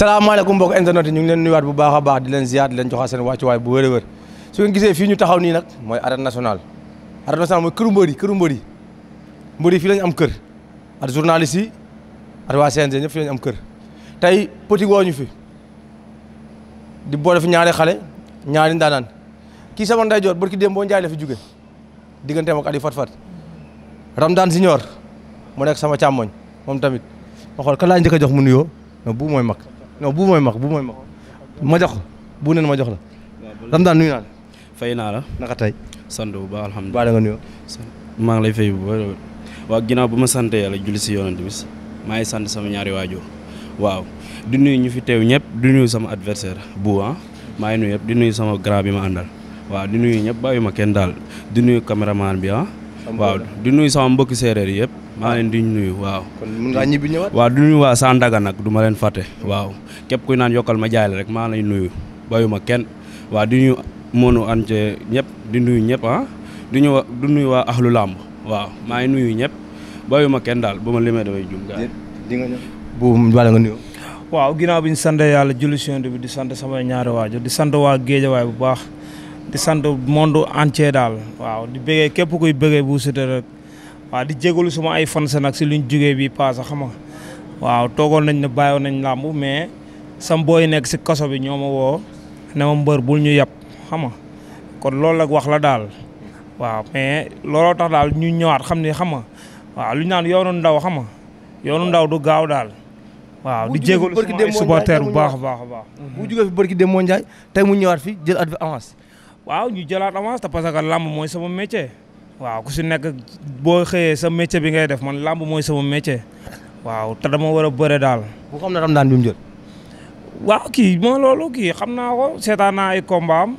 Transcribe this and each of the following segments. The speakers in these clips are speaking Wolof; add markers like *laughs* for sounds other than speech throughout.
salaamaaleykum mbokk internet yi ñu ngi leen nuyuwaat bu baax baax di leen ziar di leen joxaa seen wàccuwaay bu wër a wër su ngeen gisee ñu taxaw nii nag mooy arène national arène nationale mooy këru mbër yi këru mbër yi lañ am kër ak journaliste yi ak waa CNG am kër tey petit wooñu fi di boole fi ñaari xale ñaari ndaanaan kii sama nday joor barki démb boo njaay la fi jóge digganteem ak Aliou Fat Fat Ramdan Signor mu nekk sama càmmoñ moom tamit ma xool kan laa njëkk jox mu nuyoo non bu mooy mag non bu mooy mag bu mooy ma jox bu neen ma jox la Ramdan nuyu naa la fay naa la naka tey sant bu baax alhamdulilah baa da nga nuyoo maa ngi lay fay bu baax waaw ginnaaw bi ma sant yàlla julli si yoonante bis maa ngi sant sama ñaari waajur waaw di nuyu ñu fi teew ñëpp di nuyu sama adversaire bu ah maa ngi nuyu ñëpp di nuyu sama grand bi ma àndal waaw di nuyu ñëpp bàyyi ma kenn daal di nuyu bi ah. waaw di nuyu sama mbokki séeréer yëpp maa leen di nuyu waaw. kon waa Sandaga nag duma leen fàtte waaw képp kuy naan yokkal ma jaay rek maa lay nuyu bàyyi ma kenn waa di nuyu mënu ance ñëpp di nuyu ñëpp ah di nuyu waa di nuyu waa Ahlu Làmb waaw maa ngi nuyu ñëpp ma kenn daal ba ma limee damay jum gaay di nga ñëw bu wala nga nuyu waaw ginnaaw bi ñu sant yàlla julli si bi di sant sama ñaari waajur di sant waa Géejawaay bu baax di sant monde entier daal waaw di bëggee képp kuy bëggee bu Siteu rek waaw di jégalu suma ay fan sa nag si luñ jógee bi paase xam waaw toogoon nañ ne bàyyoon nañ làmb mais sam booy nekk si kaso bi ñoo ma woo ne ma mbër bul ñu yàpp xam nga kon loolu la wax la daal waaw mais looloo tax daal ñu ñëwaat xam ne xam nga waaw lu ñu naan yoonu ndaw xam nga yoonu ndaw du gaaw daal. waaw di jégalu sama ay bu baax a baax a baax. bu jugee fi barki Demba Ndiaye mu ñëwaat fi jël adv avance. waaw ñu jëlaat avance te parce que mooy sama métier. waaw ku si nekk boo xëyee sa métier bi ngay def man làmb mooy sama métier. waaw te dama war a bëre daal. bu xam ne Ramadane bi mu jël. waaw kii mooy loolu kii xam naa ko seetaan naa ay combat am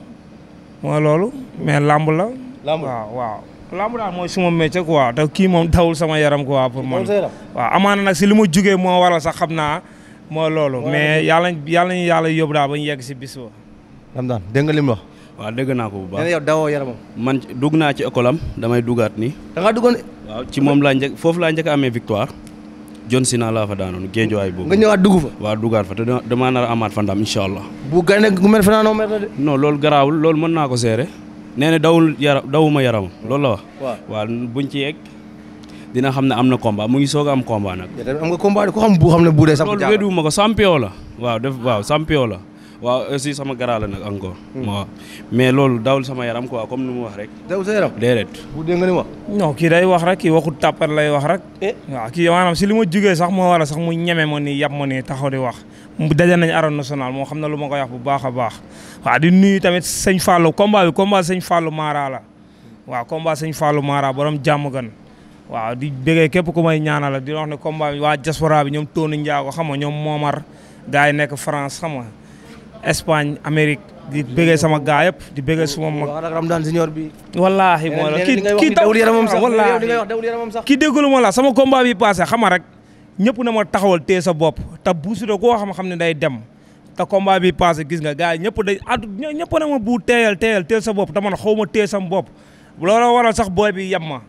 loolu mais làmb la. lamb waaw waaw. lamb daal mooy suma métier quoi te kii moom dawul sama yaram quoi pour man waaw amaana nag si li ma jugee moo waral sax xam naa moo loolu. mais yàlla yàlla ñu yàlla yóbbu daal ba ñu yegg si bis ba. Ramdan dégg nga li mu wax. waaw naa ko bu baax nee na yow dawoo man dugg naa ci école damay dugaat nii. da ngaa duggoon. waaw ci moom laa njëkk foofu laa njëkk amee victoire. John Sina laa fa daanoon géej waay boobu. nga ñëwaat dugg fa. waa duggaat fa te dama nar a amaat fa ndam incha allah. bu gën a mel fanaan mer la de. non loolu garaawul loolu mën naa ko seere nee na dawul yaram dawuma yaram loolu la wax. waaw buñ ci yegg dina xam ne am na combat mu ngi soog a am combat nag. am nga combat ku xam bu xam ne bu dee. loolu wedduwuma ko champion la. waaw def waaw champion la. waaw aussi sama garaa la nag encore. Hmm. waaw mais loolu dawul sama yaram quoi comme nu mu wax rek. dawul sa yaram déedéet. bu dee nga ni wax. non kii day wax rek kii waxut tàppar lay wax rek. Eh? waaw kii maanaam si li ma jugee sax moo waral sax mu ñeme moo nii yab ma nii taxaw di wax mu daje nañ arène nationale moo xam na lu ma koy wax bu baax a baax. waaw di nuyu tamit sëñ Fallou combat bi combat sëñ Fallou Mara la waaw combat sëñ Fallou Mara borom jàmm gan waaw di bëggee képp ku may la di wax ne combat bi waa diaspora bi ñoom Tony Ndiago xam nga ñoom Momar gars yi nekk France xam nga Espagne Amérique di bëggee sama gaa yëpp di bëggee suma mag. waaw nag Ramdan Junior bi. wallaahi mooy la kii kii dawul yaramam sax wallaahi kii déggalu ma la sama combat bi passé xama rek ñëpp na ma taxawal téye sa bopp te buusi doo koo xam-xam ne day dem. te combat bi passé gis nga gars yi ñëpp day addu ñëpp na ma bu teeyal teeyal teel sa bopp te man xaw ma tee sam bopp looloo waral sax booy bi yem ma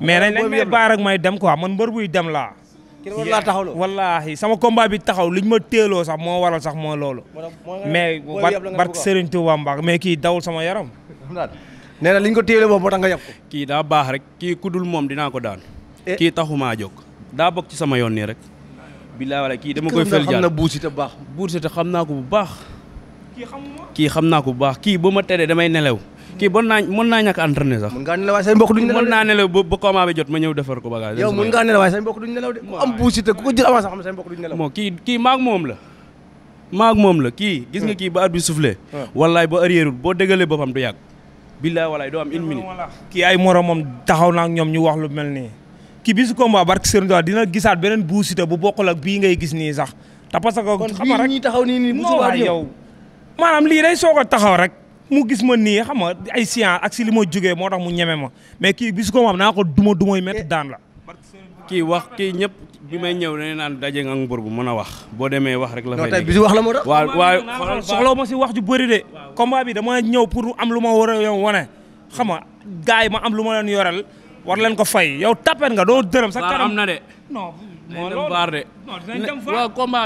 mais nañ nañ may baar ak may dem quoi man mbër buy dem laa wallaahi sama combat bi taxaw liñ ma teeloo sax moo waral sax moo loolu mais barke Serigne Touba Mbacke mais kii dawul sama yaram *laughs* nee na liñ ko téelee boobu moo tax nga yàpp ko kii daa baax rek kii ku dul moom dinaa ko daan eh. kii taxumaa jóg daa bokk ci sama yoon nii rek bilaa wala kii dama koy fel jàll xam na Bou Siteu baax Bou Siteu xam naa ko bu baax kii xam naa ko bu baax kii ba ma teree damay nelew kii bon naa mën naa ñàkk entraîné sax mën ngaa nelaw waaye say mbokk duñ nelaw mën naa nelaw ba combat bi jot ma ñëw defar ko bagage yow mën ngaa nelaw waaye say mbokk am Bou Siteu ku ko jël avance xam say mbokk kii kii maag moom la maag moom la kii gis nga hmm. kii ba at bi soufflé hmm. wallaay ba arrière boo dégalee boppam du yàgg billaay wallaay doo am une minute kii ay moromam taxaw naa ak ñoom ñu wax lu mel nii ki bisu combat barke Serigne Touba dina gisaat beneen Bou Siteu bu bokkul ak bii ngay gis nii sax te parce que. xam nga rek kon bii taxaw nii nii musuwaat yow. maanaam lii day soog a taxaw rek mu gis ma nii xam nga ay science ak si li ma jógee moo tax mu ñeme ma mais kii bisu combat am naa ko duma dumay métti eh. daan la. kii wax kii ñëpp bi may ñëw dañu naan daje nga ak bu mën a wax boo demee wax rek la fay nekk wax la moo tax waaw waaw soxla ma si wax ju bëri de combat bi dama ñëw pour am lu ma war a wane xam nga yi ma am lu ma leen yoreel war leen ko fay yow tapet nga doo dërëm. sa kanam am na de. non moo loolu baar de.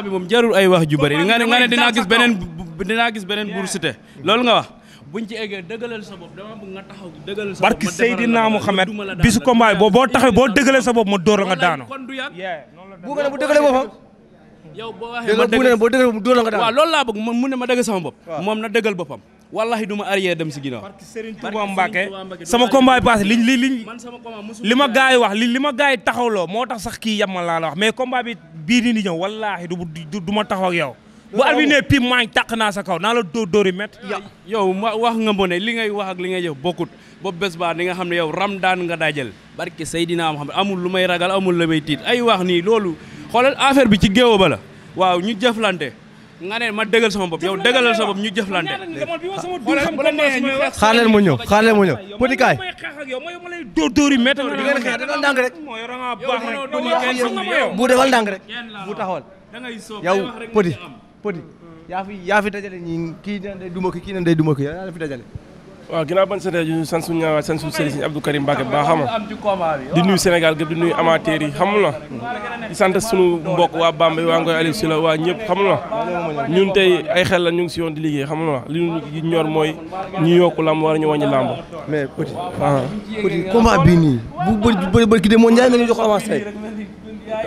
bi moom jarul ay wax ju bëri. nga ne nga ne dinaa gis beneen dinaa gis beneen Bou Siteu loolu nga wax. buñ ci eggee dëggalal sa bop dama bëgg nga taxaw dëggalal sa bopp barki Seydina bisu combat bi boo boo taxawee boo dëggalee sa bop ma door la nga daanu. bu ko ne bu dëggalee boppam. yow boo waxee ma dëgg bu ne boo dëggalee boppam door nga daanu. waaw loolu laa bëgg mu ne ma dëgg sama bopp. moom na dëggal boppam wallahi du ma arrière dem si ginnaaw. Serigne Touba Mbacké sama combat yi passé liñ li liñ li ma gars yi wax li li ma gars yi taxawloo moo tax sax kii yam ma laa la wax mais combat bi bii nii di ñëw wallahi du du ma taxaw ak yow. bu albi ne pim maa ngi tàq naa sa kaw naa la dóor dóori métti. yow wax nga mo ne li ngay wax ak li ngay jëf bokkut boobu bés baa di nga xam ne yow daan nga dajal barke Seydina Muhammad amul lu may ragal amul lu may tiit ay wax nii loolu xoolal affaire bi ci géew ba la waaw ñu jëflante nga ne ma dëggal sama bopp yow dëggalal sa bopp ñu jëflante. xaaral mu ñëw xaaral mu ñëw Petit Kaay. dóor dóor yi métti di ngeen xeex defal ndànk rek. bu defal ndànk rek bu taxawal. yow Petit Petit yaa fi yaa fi dajale ñii kii nan day kii nan day duma ki dajale. waaw ginnaaw ban sante sant suñu ñaanal sant suñu sëriñ Abdou Karim Mbacke baax xam di nuyu Sénégal gëpp di yi xamul la sant suñu mbokk waa Bambey waa Ngoy Aliou Sylla waa ñëpp xamul la ñun tey ay xel la ñu ngi si yoon di liggéey xamul la li ñu ñor mooy ñu yokku lamb war ñu wàññi lamb mais petit ah. petit combat bii nii bu bëri bëri ki de moo ñaay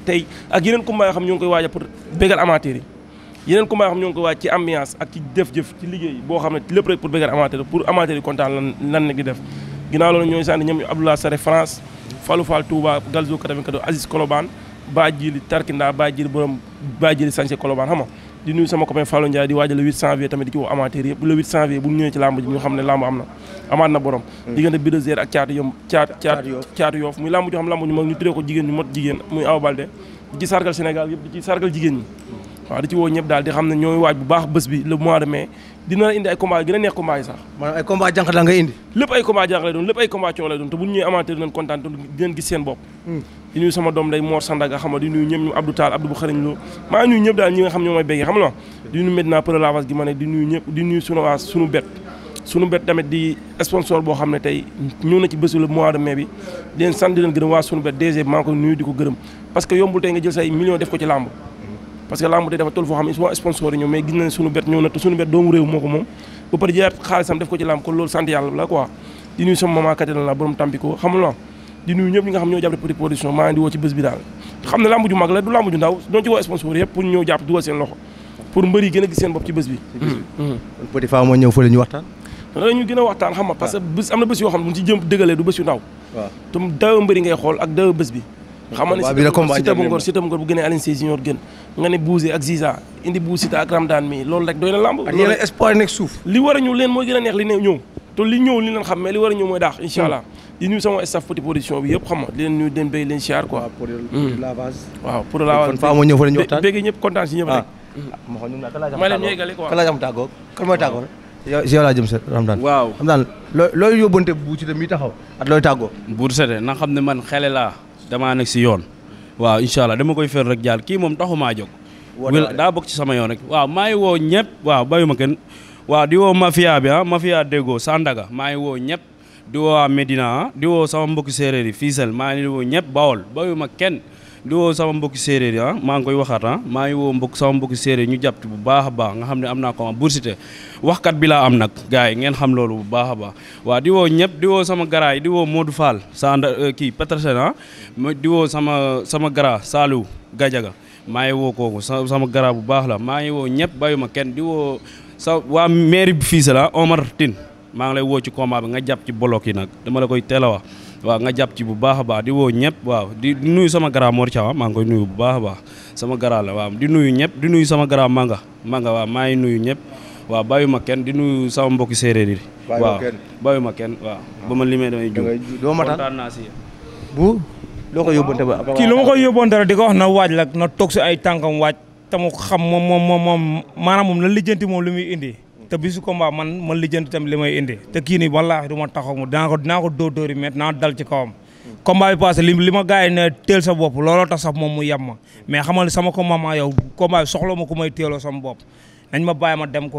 rek tey ak yeneen combat yoo xam ñu ngi koy waaj pour bégal amateur yi yeneen combat yoo xam ñu ngi koy waaj ci ambiance ak ci def-jëf ci liggéey boo xam ne lépp rek pour bégal amateur pour amateur yi kontaan lan lan nekk di def ginnaaw loolu ñooy sànni ñoom Abdoulaye Sare France Fallou Fall Touba Galzo 94 Aziz Kolobane Ba tarki Tarkinda baa Jili borom baa Jili Sanché Kolobane xam nga di nuyu sama copain Fallou Ndiaye di waajal le 8 janvier tamit di ci woo amateur yëpp le 8 janvier bu ñëwee ci làmb ji ñu xam ne làmb am na amaat na borom hmm. di ci sargal Sénégal yëpp di ci sargal jigéen ñi waaw di ci woo ñëpp daal di xam ne ñooy waaj bu baax bés bi le mois de mai dina indi ay combat gën a neex combat yi sax ay combat jànq la nga indi lépp ay combat jànq lay doon lépp ay combat coow doon te bu ñu ñëwee amateur di nuyu sama doom day Mor Sandaga xam nga di nuyu ñëpp ñëpp daal ñi nga xam ñoo may béggee xam di nuyu Medina pour la gi ma ne di nuyu ñëpp di nuyu sunu bet sunu bet tamit di boo xam ne tey ñëw na ci bésu sunu bet doomu réew moo ko moom ba pare jëlaat xaalisam def ko ci làmb kon loolu sant yàlla la quoi di nuyu sama maman la borom Tampico xam di nuyu ñëpp ñi nga xam ñoo jàpp Petit Production maa ngi woo ci bés bi daal xam ne lamb ju mag la du lamb ju ndaw doon ci woo sponsor yëpp pour ñëw jàpp dugal seen loxo pour mbër gën a gis seen bopp mm-hmm. Mm-hmm. a waxtaan xam nga parce am na bés yoo xam ne bu ci jëm dëgalee du bés yu ak dayo indi Bou ak Ramdaan mi loolu rek doy na lamb ak yeneen espoir nekk suuf li war a ñëw leen mooy gën a neex li ne ñëw te li ñëw li leen xam mais li war a ñëw mooy daax incha allah hmm. di nuyu sama staff petit yëpp xam nga leen nuyu den béy leen ah, moo hmm. la ñu waxtaan bëgg ñëpp kontaan si ñëpp rek. Ah. Hmm. Ah, ma xam ñu naan kan laa jàmm tàggoo ma leen yeggale quoi kan laa jàmm tàggoo kan mooy tàggoo waaw loo looy yóbbante bu ci tamit taxaw ak looy tàggoo. bu sete na xam ne man xele laa damaa nekk si yoon waaw incha allah dama koy fer rek jaal kii moom taxumaa jóg daa bokk ci sama yoon rek waaw maa ngi woo ñëpp waaw bàyyi ma kenn waaw di mafia bi ah mafia déggoo Sandaga maa ngi woo ñëpp di woo waa Médina ah, di woo sama mbokki séeréer yi Fiisal maa ngi woo ñëpp Bawol bayuma kenn di woo sama mbokki séeréer yi ah, maa ngi koy waxaat ah maa ngi woo mbokk sama mbokki séeréer ñu jàpp bu baax a baax nga xam ne am naa ko ma bursité waxkat bi laa am nag gars yi ngeen xam loolu bu baax a baax waa di woo ñëpp di woo sama garaa yi di woo Modou Fall euh, kii Petersen ah di sama sama garaa Saliou Gadiaga maa ngi woo kooku sama garaa bu baax la maa ngi woo ñëpp bayu kenn di woo sa waa mairie bi fii la Omar Tine maa ngi lay woo ci combat bi nga jàpp ci bloc yi nag dama la koy teel a wax waaw nga jàpp ci bu baax a baax di woo ñëpp waaw di nuyu sama garaa Mor Thiaw maa ngi koy nuyu bu baax a baax sama garaa la waaw di nuyu ñëpp di nuyu sama garaa Manga Manga waaw maa ngi nuyu ñëpp waaw bàyyi ma kenn di nuyu sama mbokki séeréer yi. waaw bàyyi ma kenn waaw ba ma limee damay jum doo loo ko yóbbante ba kii lu ma koy yóbbante rek di ko wax na waaj la na toog ay tànkam waaj te mu xam moom moom moom maanaam moom la lijjanti moom lu muy indi. te bisu combat man man lijjanti tamit li may indi. te kii nii wallaahi du ma taxaw mu dinaa ko dinaa ko dóor dóori met naa dal ci kawam. combat bi passé li ma gars yi ne teel sa bopp looloo tax sax moom mu yem ma mais xamal sama combat ma yow combat bi soxla ma ku may teeloo sama bopp nañ ma bàyyi ma dem ko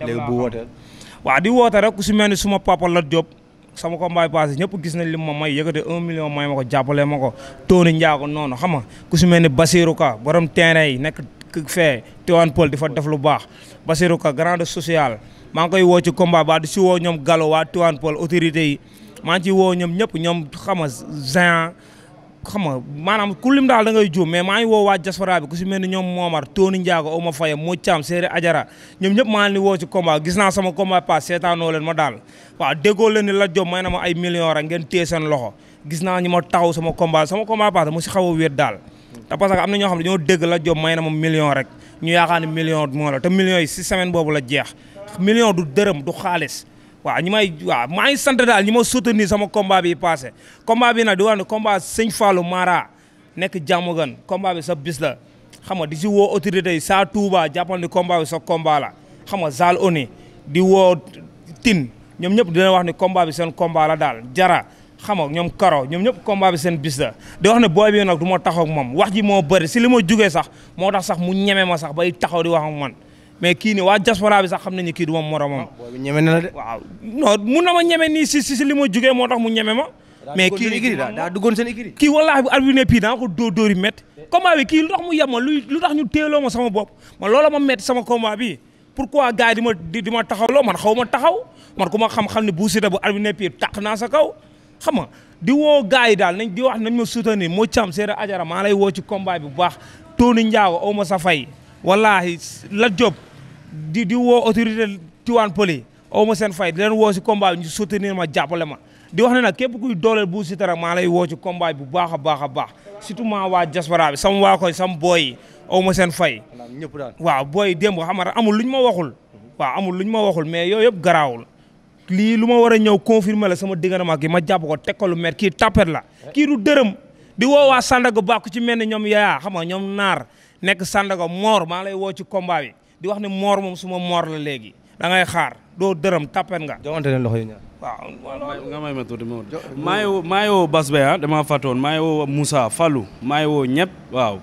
léegi bu wootee. waaw di woote rek ku si mel ni suma papa la Diop. sama combat passé ñëpp gis nañ li ma may yëkkate un million may ma ko jàppale ma ko Tony Ndiago noonu xam nga ku si mel ni Basirou Ka borom terrain yi nekk fee Tivaouane Peulh di fa def lu baax Basirou Ka grande sociale maa ngi koy woo ci combat ba di si woo ñoom Gallo waa Tivaouane Peulh autorité yi maa ngi woo ñoom ñëpp ñoom xam nga xam nga maanaam ku lim daal da ngay juum mais maa ngi woo waa diaspora bi ku si mel ni ñoom Momar Tony Ndiago Ouma Faye moo Thiam Séeri Ajara ñoom ñëpp maa ngi leen di gis naa sama combat pass seetaanoo ma daal waaw déggoo la jom may na ma ay millions rek ngeen téye seen loxo gis naa ñu ma taxaw sama combat sama combat pass mu si xaw a wéet daal te parce am na ñoo xam ne ñoo dégg la jom may na ma million rek ñu yaakaar ne million moo la te millions yi si semaine boobu la jeex million du dërëm du xaalis waaw ñi may waa maa ngi sant daal ñi ma soutenir sama combat bi passé combat bi nag di wax ne combat sëñ Fallou Mara nekk jàmm gan combat bi sa bis la xam nga di si woo autorité yi saa Touba jàppal ni combat bi sa combat la xam nga Zal Oni di woo Tine ñoom ñëpp dina wax ne combat bi seen combat la daal jara xam nga ñoom karo ñoom ñëpp combat bi seen bis la di wax ne booy bi nag du ma taxaw ak moom wax ji moo bëri si li ma jugee sax moo tax sax mu ñeme ma sax bay taxaw di wax ak man mais kii ni waa diaspora bi sax xam nañu kii du ma moromam. Ah, boobu ñeme na la de. waaw non mun na ma ñeme nii si si si li ma jugee moo tax mu ñeme ma. mais kii daa duggoon seen écurie kii wallaahi bu arbitre ne pii daa ko dóor dóori métti combat bi kii lu tax mu yem ma lu tax ñu téeloo ma sama bop man loola ma métti sama combat bi pourquoi gars yi di ma di loo man xaw ma taxaw man ku ma xam-xam ne bu sita bu arbitre ne pii tàq naa sa kaw xam nga di woo gars yi daal nañ di wax nañ ma soutenir moo cam seera ajara maa lay woo ci combat bu baax Tony Ndiago aw ma sa fay wallaahi la job di di woo autorité Tivaouane Peulh yi aw ma seen fay di leen woo si combat bi ma jàppale ma di wax ne nag képp kuy dooleel Bou Siteu maa lay woo ci combat bu baax a baax a baax surtout maa waa diaspora bi sama waa koy sam booy yi aw ma seen fay. ñëpp daal waaw booy yi démb xam nga amul lu ñu ma waxul. waaw amul lu ma waxul mais yooyu yëpp garaawul. lii lu ma war a ñëw confirmer la sama diggante ak yi ma jàpp ko teg ko lu mer kii tapet la. kii du dërëm di woo waa Sandaga baa ku ci mel ni ñoom yaa xam nga ñoom naar nekk Sandaga moor maa lay woo ci combat bi. di wax ne moor moom suma moor la léegi da xaar doo dërëm tàppen nga. joxante leen loxo yi ñaar. waaw may ma tuuti ma maa ngi woo maa ngi woo Bas Beye ah maa ngi woo Moussa Fallou maa woo ñëpp waaw.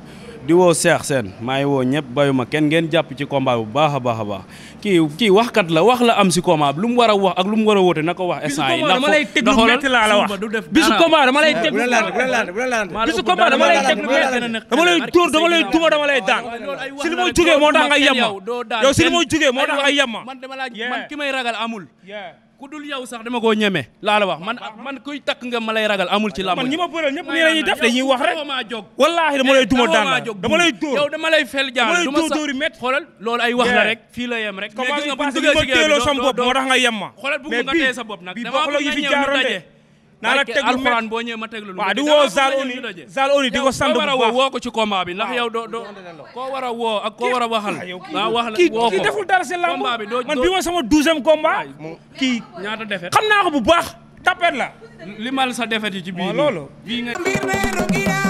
di woo Cheikh Sène maa ngi woo ñëpp bayuma kenn ngeen jàpp ci combat bu baax a baax a baax kii kii waxkat la wax la am si combat bi lu mu war a wax ak lu mu war a woote na ko wax instant yi ndax foofu ndax xoolal bisu combat la lay teg lu bisu combat dama lay teg lu dama lay tóor dama lay tuuma dama lay daan si li ma jógee moo tax nga yem ma yow si li ma jógee moo tax nga yem ma man ki may ragal ku dul yow sax dama koo ñeme laa la wax man man kuy takk nga ma lay ragal amul ci làmb man ñi ma bëreel ñëpp nii la ñuy def dañuy wax rek maa jóg wallaahi dama lay duma eh, daan dama lay dóor yow dama lay fel jaan duma dóor yu loolu ay wax na rek fii la yem rek mais gis nga bu ñu duggee ci géew bi moo tax nga yem ma xoolal bëgg nga tee sa bopp nag dama bëgg nga ñëw ñu daje naa la teg lu boo ñëwee ma teg lu waaw di woo Zal Oni Zal Oni di ko sant bu woo ko ci combat bi ndax yow doo doo koo war a ak koo war a waxal naa wax la woo ko kii deful dara si lamb man bi ma sama douzième combat kii ñaata defet xam naa ko bu baax tapet la li mal sa defet yi ci bii loolu